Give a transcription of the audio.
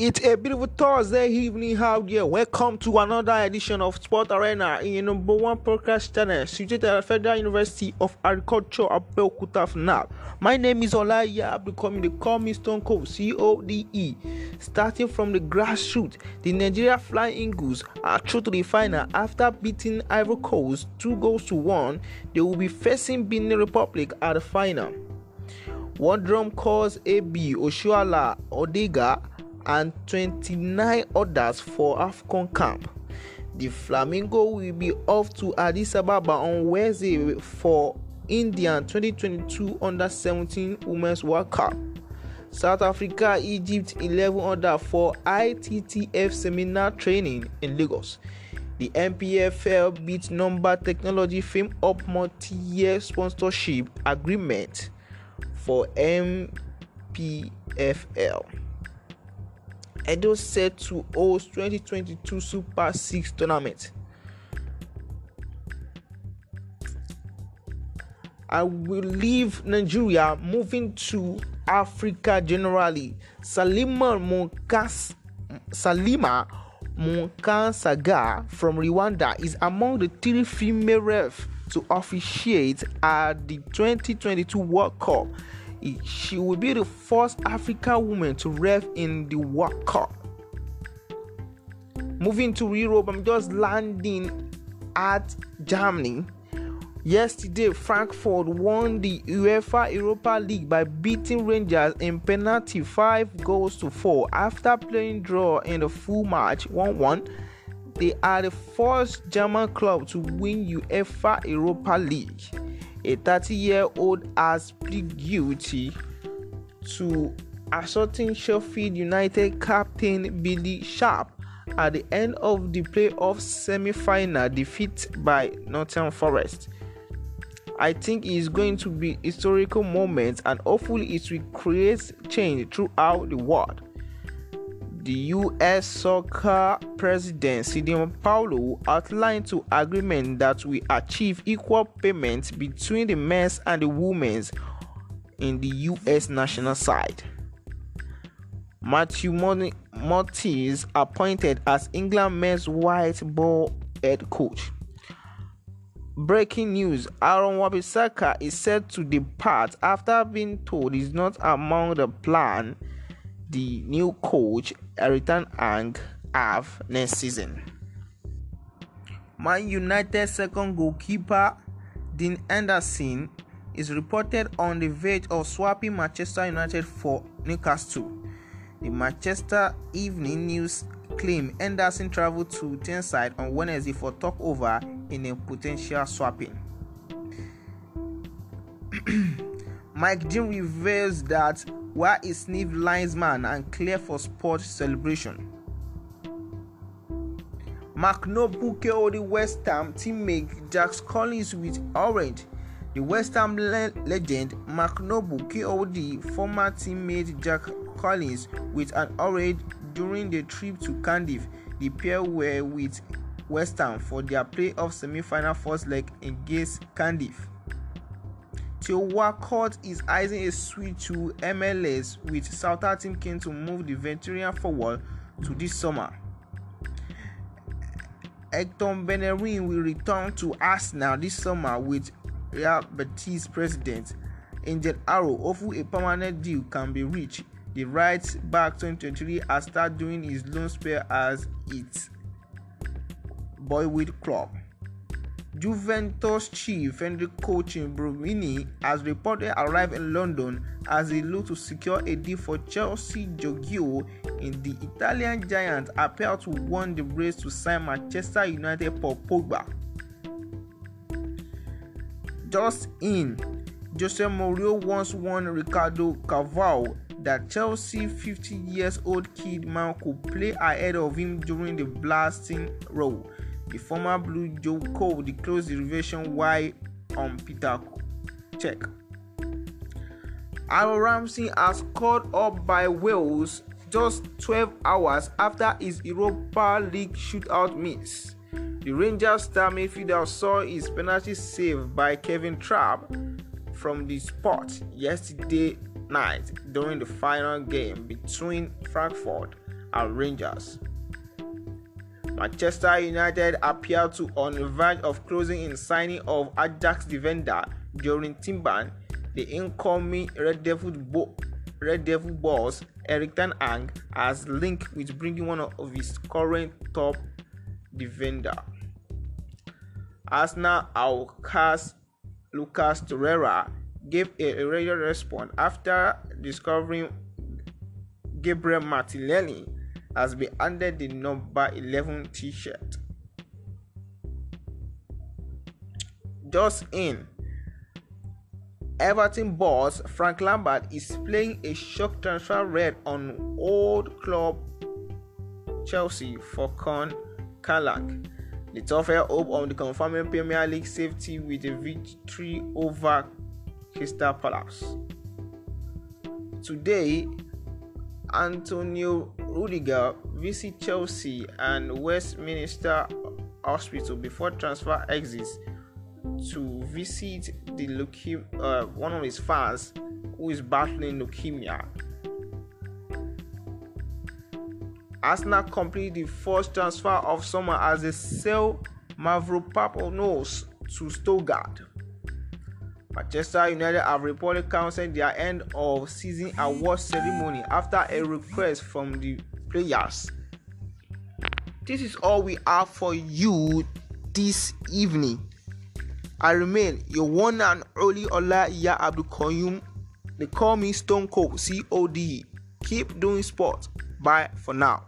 It's a beautiful Thursday evening Howdy! Welcome to another edition of Sport Arena in your number one podcast channel, situated at Federal University of Agriculture, Abeokuta, FNAP. My name is Olaya becoming the Coming Stone Co. C-O-D-E. Starting from the grassroots, the Nigeria Flying Eagles are through to the final after beating Ivory Coast two goals to one. They will be facing Benin Republic at the final. One drum calls AB Oshuala Odega and 29 others for AFCON camp. The Flamingo will be off to Addis Ababa on Wednesday for Indian 2022 Under 17 Women's World Cup. South Africa, Egypt 11 under for ITTF seminar training in Lagos. The MPFL beat number technology firm up multi-year sponsorship agreement for MPFL. Edo set to host 2022 Super Six tournament. I will leave Nigeria, moving to Africa generally. Salima Monkas, Salima Monkansaga from Rwanda is among the three female refs to officiate at the 2022 World Cup. she will be the first African woman to rev in the World Cup. Moving to Europe, I'm just landing at Germany. Yesterday, Frankfurt won the UEFA Europa League by beating Rangers in penalty 5 goals to 4 after playing draw in the full match 1 1. They are the first German club to win UEFA Europa League. a 30 year old has pleaded guilty to assaulting Sheffield United captain Billy Sharp at the end of the playoff semi final defeat by Nottingham Forest. I think it is going to be historical moment and hopefully it will create change throughout the world. the US soccer president Sidney Paulo outlined to agreement that we achieve equal payment between the men's and the women's in the US national side. Matthew Mortis appointed as England men's white ball head coach. Breaking news Aaron Wabisaka is set to depart after being told he's not among the plan the new coach Eritan Ang have next season. Man United second goalkeeper Dean Anderson is reported on the verge of swapping Manchester United for Newcastle. The Manchester Evening News claim Anderson traveled to Tenside on Wednesday for talk over in a potential swapping. Mike Dean reveals that where he sniffed linesman and cleared for sport celebration. McNobu the West Ham teammate Jack Collins with orange. The West Ham le- legend McNobu KOD former teammate Jack Collins with an orange during the trip to Cardiff. The pair were with West Ham for their playoff semi-final first leg against Cardiff. Theo Walcott is eyeing a switch to MLS with Southampton keen to move the veteran forward to this summer. Hector Bellerin will return to Arsenal this summer with Real Betis president Angel Arrow hopeful a permanent deal can be reached. The right back 2023 has started doing his loan spell as its with club. Juventus chief Enrico Brumini has reportedly arrived in London as he looks to secure a deal for Chelsea Jorginho in the Italian giant appear to won the race to sign Manchester United Paul Pogba. Just in, Jose Mourinho once warned Ricardo Carvalho that Chelsea 50 years old kid man could play ahead of him during the blasting role the former Blue Joe Cole declares the revelation why on um, Peter Check. Aaron Ramsey has called up by Wales just 12 hours after his Europa League shootout miss. The Rangers star midfielder saw his penalty saved by Kevin Trapp from the spot yesterday night during the final game between Frankfurt and Rangers. Manchester United appear to on the verge of closing in signing of Ajax defender during Timban. The incoming Red Devil, Bo- Red Devil boss Eric Ten Hag has linked with bringing one of his current top defender. Arsenal outcast Lucas Torreira gave a radio response after discovering Gabriel Martinelli has been handed the number 11 t shirt. Just in, Everton boss Frank Lambert is playing a shock transfer red on old club Chelsea for Con Kalak. The tougher hope on the confirming Premier League safety with a victory over Crystal Palace. Today, Antonio Rudiger visit Chelsea and Westminster Hospital before transfer exits to visit the leuke- uh, one of his fans who is battling leukemia. Arsenal complete the first transfer of summer as they sell Mavropanos to Stuttgart. Manchester United have reportedly cancelled their end of season award ceremony after a request from the players. This is all we have for you this evening. I remain your one and only Ola Ya Abdul Koyum. They call me Stone Cold C O D. E. Keep doing sports. Bye for now.